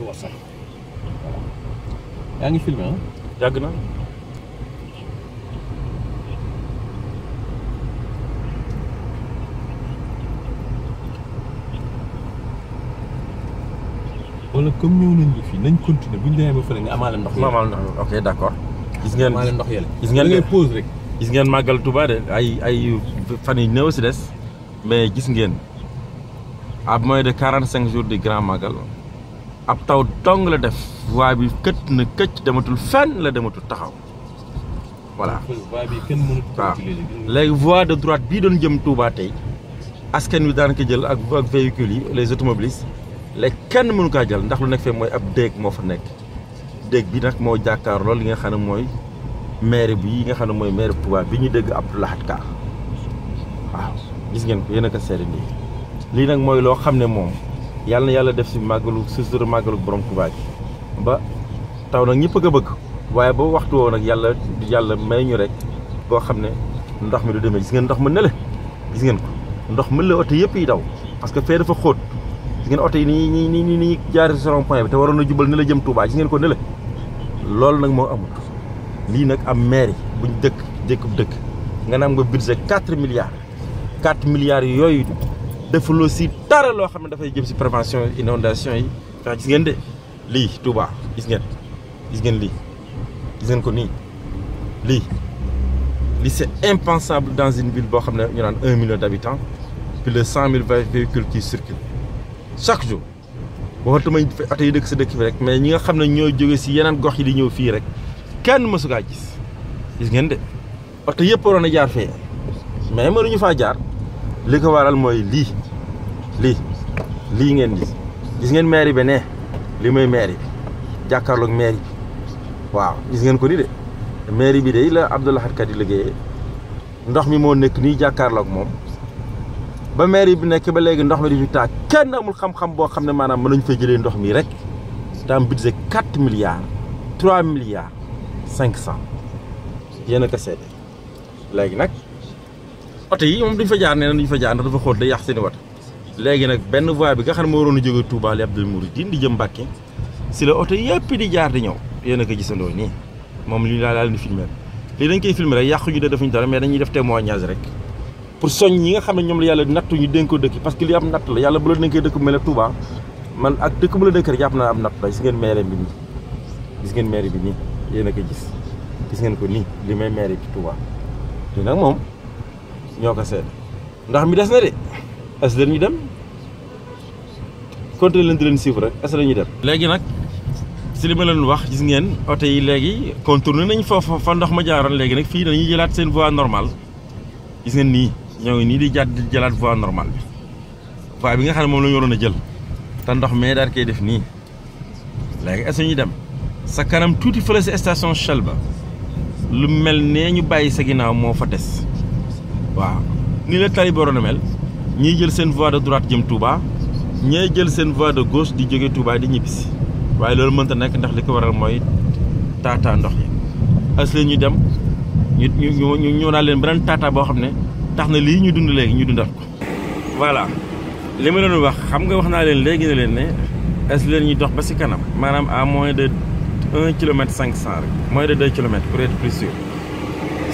lu war ngi filmé ah. na. wala comme ñëw nañ fii nañ continuer bu ñu demee ba fële nga amaale ndox. la amaale ndox ok d' accord. gis ngeen amaale ndox yële. gis ngeen ngay pause rek. gis ngeen màggal Touba de ay ay fan yu néew si des mais gis ngeen à moins de quarante cinq jours du grand màggal. ab taw dong la def voie bi këtt na këcc dematul fenn la dematul taxaw voilà. waaw léegi voie de droite bii doon jëm tuubaa tey askan wi daan ko jël ak ak véhicules yi les automobilistes léegi kenn mënu kaa jël ndax lu nekk fee mooy ab déeg moo fa nekk déeg bi nag moo jàkkaarloo li nga xam ne mooy maire bi yi nga xam ne mooy maire Touba bi ñu dégg Abdou Lahad Ka waaw gis ngeen ko yéen a ko seede nii lii nag mooy loo xam ne moom. yàlla na yàlla def si màggalu sutura màggalu borom Tuubaa gi ba taw nag ñëpp a bëgg waaye ba waxtu woo nag yàlla yàlla may ñu rek boo xam ne ndox mi du demee gis ngeen ndox ma nële gis ngeen ko ndox mën la oto yëpp yi daw parce que fee dafa xóot gis ngeen oto yi ni ni nii ni ni jaaree point bi te waroon na jubal ne la jëm Touba gis ngeen ko ne la loolu nag moo amul lii nag am mairie buñ dëkk dëkkub dëkk nga naan nga budget 4 milliards 4 yooyu deful aussi dara loo xam ne dafay jëm ci prévention inondation yi ndax gis ngeen de li Touba gis ngeen gis ngeen li gis ngeen ko ni li li c'est impensable dans une ville bo xam ñu naan 1 million d'habitants plus de cent mille véhicules qui circulent chaque jour waxatuma oto atay dëkk si dëkk bi rek mais ñi nga xam ne ñoo jóge si yeneen gox yi di ñëw fi rek kenn mësu ga gis gis ngeen de oto yépp waroon a jaar fee mais mënuñu faa jaar li ko waral mooy lii lii lii ngeen gis gis ngeen mairie bi ne li mooy mairie bi jàkkaarloog mairie bi waaw gis ngeen ko ni de mairie bi de la Abdou Lahad Ka di ndox mi moo nekk nii jàkkaarloog moom ba mairie bi nekk ba léegi ndox mi di fi taa kenn amul xam-xam boo xam ne maanaam mën nañu fay jëlee ndox mii rek te am budget quatre milliards trois milliards cinq cent yéen a ko seede léegi nag oto yi moom duñ fa jaar nee na duñ fa jaar ndax dafa xóot day yàq seen wat légui nak benn voie bi nga xam mo moo waroon Touba li Abdoul Mouridine di jëm Mbacké ci la auto yépp di jaar di ñëw yéen ko gisandoo ni mom li la laa ni filmé li dañ koy filmé rek yaq ñu de defuñu dara mais dañuy def témoignage rek pour soñ ñi nga xam ñom la Yalla nattu ñu dénk dëkk parce que li am natt la Yalla bu la dañ koy dëkk bu mel Touba man ak dëkk bu la dëkk rek jàpp na am natt bay gis ngeen maire bi ni gis ngeen maire bi ni yéen ko gis gis ngeen ko ni li may maire bi Touba li nak mom ñoko sét ndax mi dess na dé est ce dañuy dem compté leen di leen chiffre rek est ce dañuy dem. léegi nag si li ma leen wax gis ngeen oto yi léegi contourné nañ foofu fa ndox ma jaaroon léegi nag fii dañuy jëlaat seen voie normale gis ngeen nii ñoo ngi di jàdd di jëlaat voie normale bi voie bi nga xam ne moom la jël te ndox mee daal koy def nii léegi est ñuy dem sa kanam tuuti fële si station Shell lu mel ñu bàyyi sa ginnaaw moo fa des waaw ni la tali bi mel. ñiy jël seen voie de droite jëm Touba ñee jël seen voie de gauche di jóge Touba di ñibbisi waaye loolu mënta nekk ndax li ko waral mooy taataa ndox yi asle ñu dem ñu ñu ñëw naa leen beneen taataa boo xam ne tax na lii ñu dund léegi ñu dundat ko voilà li ma doon wax xam nga wax naa leen léegi ne leen ne asle leen ñuy dox ba si kanam maanaam à moins de un kilomètre cinq cent rek moins de deux pour être plus sûr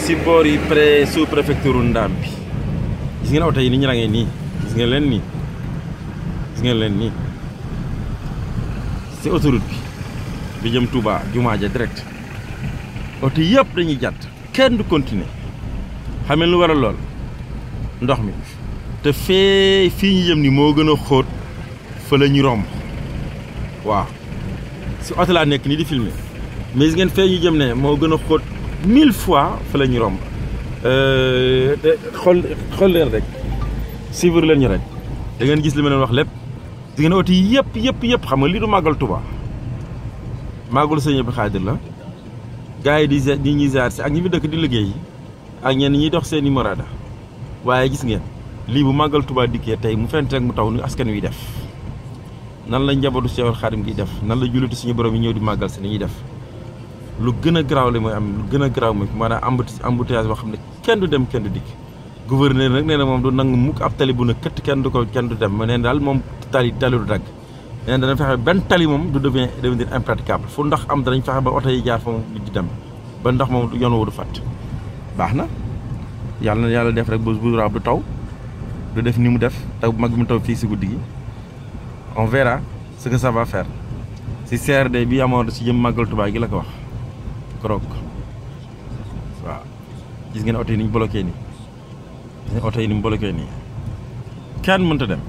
si boor yi près su préfecture Ndam bi gis ngeen oto yi ni ñu rangee nii gis leen nii gis ngeen leen nii si autoroute bi bi jëm Touba jumaa ja direct oto yëpp dañuy jàdd kenn du continuer xam ngeen lu waral lool ndox mi te fee fii ñu jëm ni moo gën a xóot fa la ñu romb waaw si oto laa nekk nii di filmer mais gis ngeen fee ñu jëm ne moo gën a xóot fois fa la ñu romb Euh, xool xool leen rek suivre leen ñu rek da ngeen gis li ma leen wax lépp di ngeen oti yëpp yëpp yëpp xam nga lii du màggal Touba màggalu sëñ bi Xaadir la gars yi di ñi ñuy ziar ak ñi fi dëkk di liggéey ak ñenn ñiy dox seen i morada waaye gis ngeen lii bu màggal Touba dikkee tey mu fent rek mu taw ni askan wi def nan la njabootu Seexul Xaadim gi def nan la julliti suñu borom yi di màggal si ni def lu gën a garaaw li mooy am lu gën a garaaw mooy maanaam embouteillage boo xam ne kenn du dem kenn du dikk gouverneur nag nee na moom du nangu mukk ab tali bu ne këtt kenn du ko kenn du dem mais nee daal moom tali tali du dagg nee na dana fexe benn tali moom du devient devenir impraticable fu ndox am danañ fexe ba oto yi jaar fa moom di dem ba ndox moom yoon woo du fàtt baax na yàlla na yàlla def rek bu bu raab du taw du def ni mu def taw mag mu taw fii si guddi gi on verra ce que ça va faire si CRD bi si jëm màggal gi la ko wax krok wa gis ngeen auto yi ni bloqué ni auto yi ni bloqué ni kan mën ta dem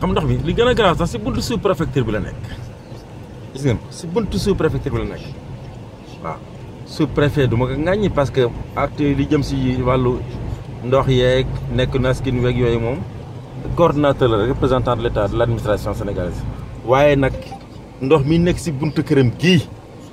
xam ndox bi li gëna grave sax ci buntu sous préfecture bi la nek gis ngeen ci buntu sous préfecture bi la nek wa sous préfet du ma ko ŋàññi parce que acte li jëm ci walu ndox yeek nek na skin wek yoy mom coordinateur représentant de l'état de l'administration sénégalaise waye nak ndox mi nek ci buntu kërëm gi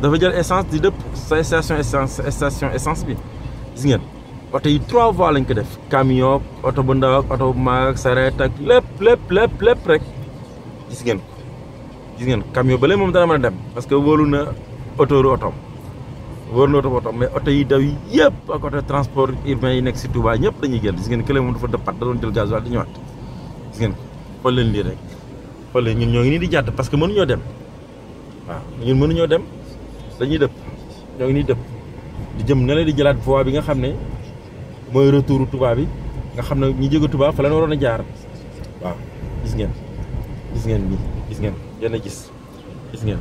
dafa jël essence di dëpp sa station essence station essence bi gis ngeen oto yi trois voies lañ ko def camion oto bu ndaw oto bu mag ak sareet ak lépp lépp lépp lépp rek gis ngeen ko gis ngeen camion ba léegi moom dana man a dem parce que wóolu na autoru otom wóolu na oto bu otom mais oto yi daw yëpp ak oto transport urbain yi nekk si Touba ñëpp dañuy génn gis ngeen kële moom dafa dëppaat da doon jël gasoil di ñëwaat gis ngeen ko leen lii rek xool leen ñun ñoo ngi nii di jàdd parce que mënuñoo dem waaw ñun mënuñoo dem dañuy dëpp ñoo ngi nii dëpp di jëm ne la di jëlaat voie bi nga xam ne mooy retour tubaab yi nga xam ne ñi jóge Touba fa la waroon a jaar waaw gis ngeen gis ngeen nii gis ngeen yéen a gis gis ngeen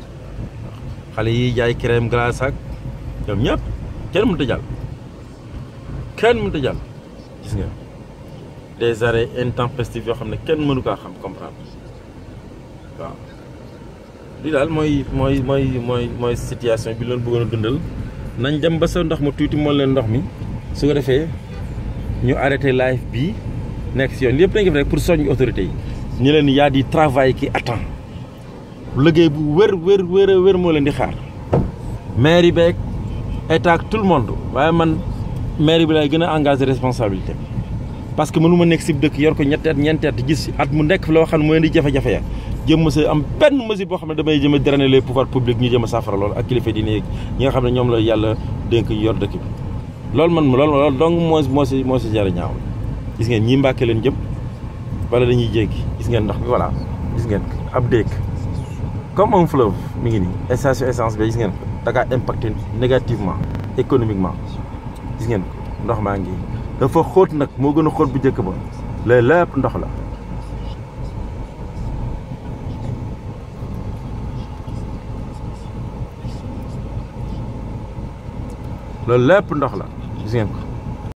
xale yi jaay crème glace ak ñoom ñëpp kenn mënut a jàll kenn mënut a gis ngeen des arrêts intempestifs yoo xam ne kenn mënu kaa xam comprendre waaw li daal mooy mooy mooy mooy mooy situation bi loon bëggoon a dundal nañ dem ba sa ndox ma tuuti moo leen ndox mi su ko defee ñu arrêté live bii nekk si yoon yëpp dañ ko def rek pour soññ autorité yi ñu leen yaa di travail ki attend liggéey bu wér wér wér wér moo leen di xaar maire yi beeg état ak tout le monde waaye man maire bi lay gën a responsabilité parce que mënu ma nekk dëkk yor ko ñetti at ñeenti at gis at mu nekk loo xam ne mooy indi jafe-jafe ya jëm sa am benn mesure boo xam ne damay jëm a drainer les pouvoirs publics ñu jëm a saafara loolu ak kilifa di ne ñi nga xam ne ñoom la yàlla dénk yor dëkk bi loolu man loolu loolu donc moo moo si moo si jara ñaaw gis ngeen ñi mbàkke leen jëm wala dañuy jéggi gis ngeen ndox mi voilà gis ngeen ab déeg comme un fleuve mi ngi nii essence essence bi gis ngeen da kaa impacté négativement économiquement gis ngeen ndox maa ngi dafa xóot nag moo gën a xóot bu njëkk ba léeg lépp ndox la loolu lépp ndox la gis ngeen ko